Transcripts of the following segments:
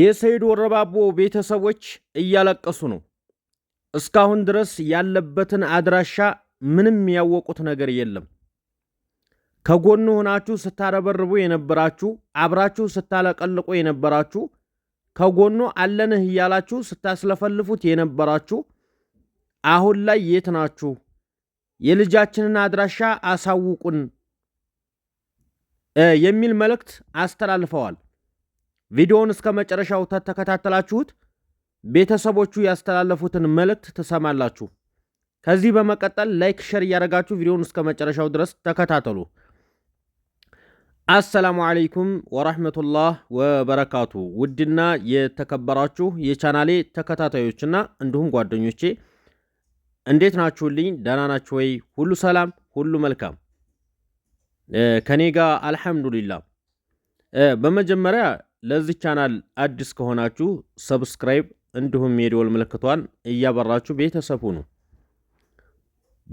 የሰይድ ወረባቦ ቤተሰቦች እያለቀሱ ነው። እስካሁን ድረስ ያለበትን አድራሻ ምንም ያወቁት ነገር የለም። ከጎኑ ሆናችሁ ስታረበርቡ የነበራችሁ፣ አብራችሁ ስታለቀልቁ የነበራችሁ፣ ከጎኑ አለንህ እያላችሁ ስታስለፈልፉት የነበራችሁ አሁን ላይ የት ናችሁ? የልጃችንን አድራሻ አሳውቁን የሚል መልእክት አስተላልፈዋል። ቪዲዮውን እስከ መጨረሻው ተተከታተላችሁት ቤተሰቦቹ ያስተላለፉትን መልእክት ትሰማላችሁ። ከዚህ በመቀጠል ላይክ፣ ሸር እያደረጋችሁ ቪዲዮውን እስከ መጨረሻው ድረስ ተከታተሉ። አሰላሙ አለይኩም ወራህመቱላህ ወበረካቱ። ውድና የተከበራችሁ የቻናሌ ተከታታዮችና እንዲሁም ጓደኞቼ እንዴት ናችሁልኝ? ደህና ናችሁ ወይ? ሁሉ ሰላም፣ ሁሉ መልካም ከኔ ጋር አልሐምዱሊላ። በመጀመሪያ ለዚህ ቻናል አዲስ ከሆናችሁ ሰብስክራይብ እንዲሁም የደወል ምልክቷን እያበራችሁ ቤተሰብ ሁኑ።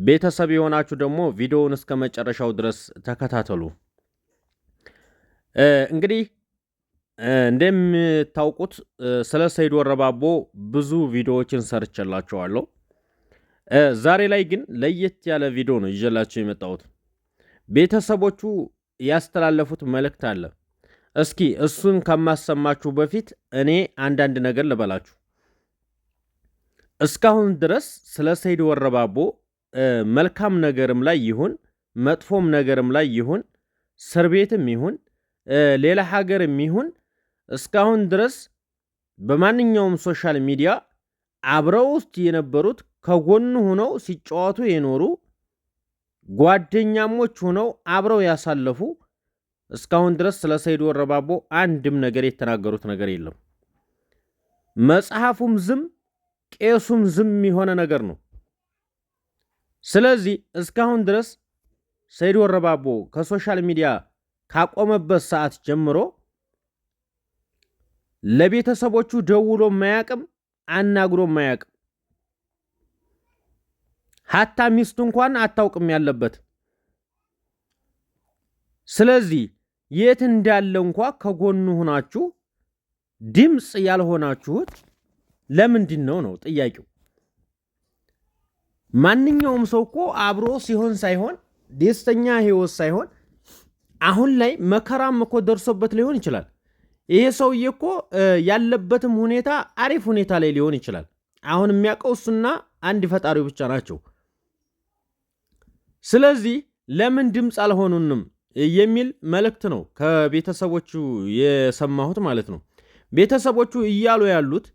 ቤተሰብ የሆናችሁ ደግሞ ቪዲዮውን እስከ መጨረሻው ድረስ ተከታተሉ። እንግዲህ እንደምታውቁት ስለ ሰይድ ወረባቦ ብዙ ቪዲዮዎችን ሰርቼላችኋለሁ። ዛሬ ላይ ግን ለየት ያለ ቪዲዮ ነው ይዤላቸው የመጣሁት። ቤተሰቦቹ ያስተላለፉት መልእክት አለ። እስኪ እሱን ከማሰማችሁ በፊት እኔ አንዳንድ ነገር ልበላችሁ። እስካሁን ድረስ ስለ ሰይድ ወረባቦ መልካም ነገርም ላይ ይሁን መጥፎም ነገርም ላይ ይሁን እስር ቤትም ይሁን ሌላ ሀገርም ይሁን እስካሁን ድረስ በማንኛውም ሶሻል ሚዲያ አብረው ውስጥ የነበሩት ከጎኑ ሆነው ሲጫወቱ የኖሩ ጓደኛሞች ሆነው አብረው ያሳለፉ እስካሁን ድረስ ስለ ሰይድ ወረባቦ አንድም ነገር የተናገሩት ነገር የለም። መጽሐፉም ዝም ቄሱም ዝም የሆነ ነገር ነው። ስለዚህ እስካሁን ድረስ ሰይድ ወረባቦ ከሶሻል ሚዲያ ካቆመበት ሰዓት ጀምሮ ለቤተሰቦቹ ደውሎ ማያቅም፣ አናግሮ ማያቅም፣ ሀታ ሚስቱ እንኳን አታውቅም ያለበት። ስለዚህ የት እንዳለ እንኳ ከጎኑ ሆናችሁ ድምፅ ያልሆናችሁት ለምንድን ነው ነው ጥያቄው። ማንኛውም ሰው እኮ አብሮ ሲሆን ሳይሆን ደስተኛ ህይወት ሳይሆን አሁን ላይ መከራም እኮ ደርሶበት ሊሆን ይችላል። ይሄ ሰውዬ እኮ ያለበትም ሁኔታ አሪፍ ሁኔታ ላይ ሊሆን ይችላል። አሁን የሚያውቀው እሱና አንድ ፈጣሪው ብቻ ናቸው። ስለዚህ ለምን ድምፅ አልሆኑንም? የሚል መልእክት ነው ከቤተሰቦቹ የሰማሁት ማለት ነው። ቤተሰቦቹ እያሉ ያሉት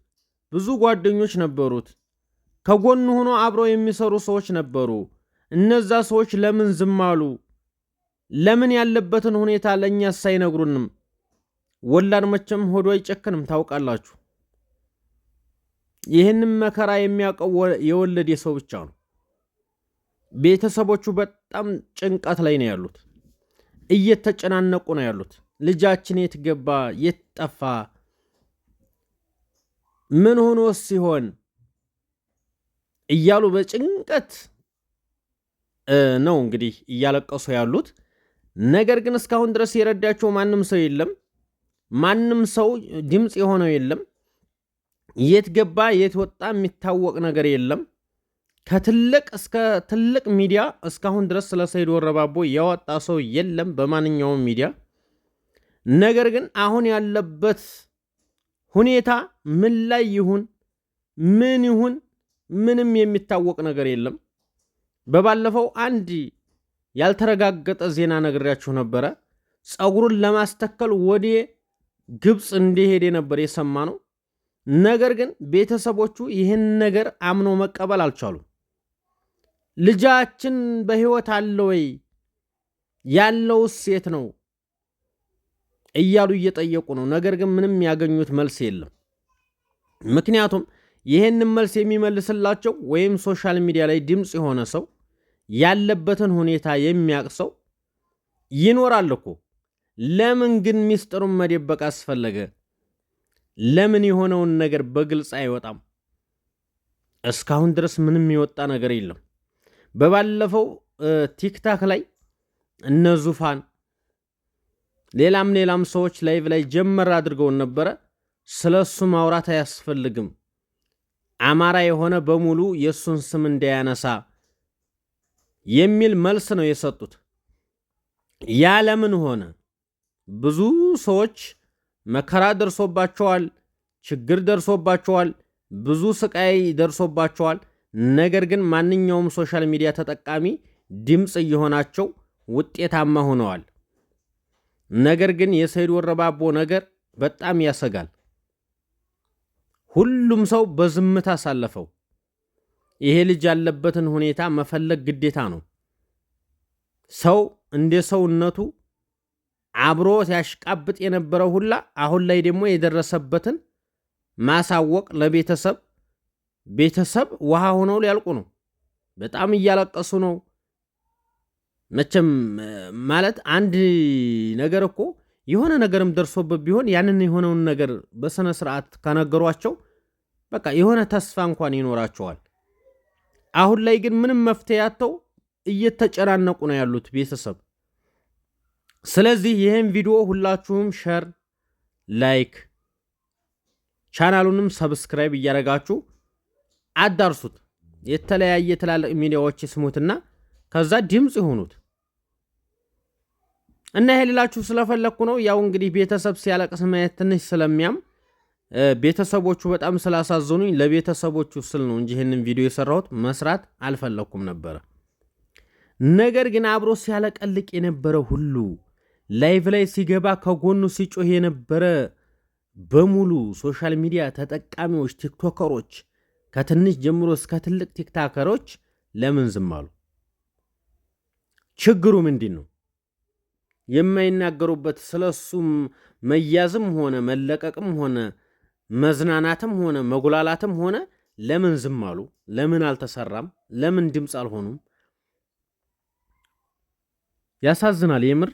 ብዙ ጓደኞች ነበሩት፣ ከጎኑ ሆኖ አብረው የሚሰሩ ሰዎች ነበሩ። እነዛ ሰዎች ለምን ዝም አሉ? ለምን ያለበትን ሁኔታ ለእኛስ ሳይነግሩንም? ወላድ መቼም ሆዶ አይጨክንም፣ ታውቃላችሁ። ይህንም መከራ የሚያውቀው የወለድ ሰው ብቻ ነው። ቤተሰቦቹ በጣም ጭንቀት ላይ ነው ያሉት። እየተጨናነቁ ነው ያሉት። ልጃችን የት ገባ? የት ጠፋ? ምን ሆኖ ሲሆን እያሉ በጭንቀት ነው እንግዲህ እያለቀሱ ያሉት። ነገር ግን እስካሁን ድረስ የረዳቸው ማንም ሰው የለም። ማንም ሰው ድምፅ የሆነው የለም። የት ገባ የት ወጣ የሚታወቅ ነገር የለም። ከትልቅ እስከ ትልቅ ሚዲያ እስካሁን ድረስ ስለ ሰይድ ወረባቦ ያወጣ ሰው የለም በማንኛውም ሚዲያ። ነገር ግን አሁን ያለበት ሁኔታ ምን ላይ ይሁን ምን ይሁን ምንም የሚታወቅ ነገር የለም። በባለፈው አንድ ያልተረጋገጠ ዜና ነግሬያችሁ ነበረ። ፀጉሩን ለማስተከል ወደ ግብፅ እንደሄደ ነበር የሰማ ነው። ነገር ግን ቤተሰቦቹ ይህን ነገር አምኖ መቀበል አልቻሉም። ልጃችን በሕይወት አለ ወይ? ያለውስ የት ነው? እያሉ እየጠየቁ ነው። ነገር ግን ምንም ያገኙት መልስ የለም። ምክንያቱም ይህንን መልስ የሚመልስላቸው ወይም ሶሻል ሚዲያ ላይ ድምፅ የሆነ ሰው ያለበትን ሁኔታ የሚያቅ ሰው ይኖራል እኮ። ለምን ግን ሚስጥሩን መደበቅ አስፈለገ? ለምን የሆነውን ነገር በግልጽ አይወጣም? እስካሁን ድረስ ምንም የወጣ ነገር የለም። በባለፈው ቲክታክ ላይ እነ ዙፋን ሌላም ሌላም ሰዎች ላይቭ ላይ ጀመር አድርገውን ነበረ። ስለ እሱ ማውራት አያስፈልግም፣ አማራ የሆነ በሙሉ የእሱን ስም እንዳያነሳ የሚል መልስ ነው የሰጡት። ያ ለምን ሆነ? ብዙ ሰዎች መከራ ደርሶባቸዋል፣ ችግር ደርሶባቸዋል፣ ብዙ ስቃይ ደርሶባቸዋል። ነገር ግን ማንኛውም ሶሻል ሚዲያ ተጠቃሚ ድምፅ እየሆናቸው ውጤታማ ሆነዋል። ነገር ግን የሰይድ ወረባቦ ነገር በጣም ያሰጋል። ሁሉም ሰው በዝምታ አሳለፈው። ይሄ ልጅ ያለበትን ሁኔታ መፈለግ ግዴታ ነው። ሰው እንደ ሰውነቱ አብሮ ሲያሽቃብጥ የነበረው ሁላ አሁን ላይ ደግሞ የደረሰበትን ማሳወቅ ለቤተሰብ ቤተሰብ ውሃ ሆነው ሊያልቁ ነው። በጣም እያለቀሱ ነው። መቼም ማለት አንድ ነገር እኮ የሆነ ነገርም ደርሶበት ቢሆን ያንን የሆነውን ነገር በስነ ስርዓት ከነገሯቸው በቃ የሆነ ተስፋ እንኳን ይኖራቸዋል። አሁን ላይ ግን ምንም መፍትሄ ያተው እየተጨናነቁ ነው ያሉት ቤተሰብ። ስለዚህ ይህን ቪዲዮ ሁላችሁም ሸር፣ ላይክ፣ ቻናሉንም ሰብስክራይብ እያደረጋችሁ አዳርሱት። የተለያየ ትላልቅ ሚዲያዎች ስሙትና ከዛ ድምፅ ይሆኑት እና ይሄ ልላችሁ ስለፈለግኩ ነው። ያው እንግዲህ ቤተሰብ ሲያለቅስ ማየት ትንሽ ስለሚያም ቤተሰቦቹ በጣም ስላሳዘኑኝ ለቤተሰቦቹ ስል ነው እንጂ ይህንን ቪዲዮ የሰራሁት መስራት አልፈለግኩም ነበረ። ነገር ግን አብሮ ሲያለቀልቅ የነበረ ሁሉ ላይቭ ላይ ሲገባ ከጎኑ ሲጮህ የነበረ በሙሉ ሶሻል ሚዲያ ተጠቃሚዎች፣ ቲክቶከሮች ከትንሽ ጀምሮ እስከ ትልቅ ቲክታከሮች ለምን ዝም አሉ? ችግሩ ምንድን ነው? የማይናገሩበት ስለሱም መያዝም ሆነ መለቀቅም ሆነ መዝናናትም ሆነ መጉላላትም ሆነ ለምን ዝም አሉ? ለምን አልተሰራም? ለምን ድምፅ አልሆኑም? ያሳዝናል። የምር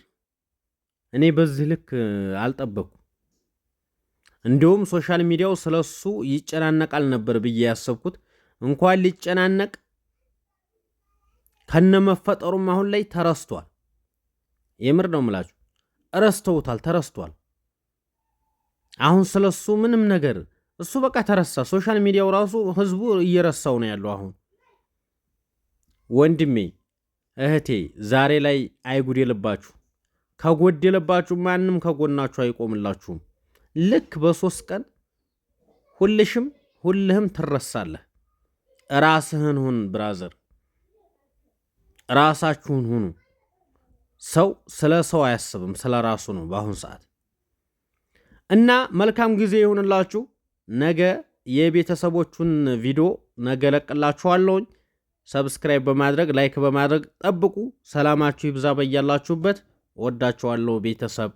እኔ በዚህ ልክ አልጠበቅኩ። እንዲሁም ሶሻል ሚዲያው ስለሱ ይጨናነቃል ነበር ብዬ ያሰብኩት እንኳን ሊጨናነቅ ከነመፈጠሩም አሁን ላይ ተረስቷል። የምር ነው ምላችሁ፣ እረስተውታል፣ ተረስቷል። አሁን ስለሱ ምንም ነገር እሱ በቃ ተረሳ። ሶሻል ሚዲያው ራሱ ህዝቡ እየረሳው ነው ያለው። አሁን ወንድሜ እህቴ፣ ዛሬ ላይ አይጉድ የለባችሁ። ከጎድ የለባችሁ፣ ማንም ከጎናችሁ አይቆምላችሁም። ልክ በሶስት ቀን ሁልሽም ሁልህም ትረሳለህ። ራስህን ሁን ብራዘር፣ ራሳችሁን ሁኑ። ሰው ስለ ሰው አያስብም፣ ስለ ራሱ ነው በአሁኑ ሰዓት። እና መልካም ጊዜ ይሁንላችሁ። ነገ የቤተሰቦቹን ቪዲዮ ነገ ለቅላችኋለሁኝ። ሰብስክራይብ በማድረግ ላይክ በማድረግ ጠብቁ። ሰላማችሁ ይብዛ በያላችሁበት። ወዳችኋለሁ ቤተሰብ።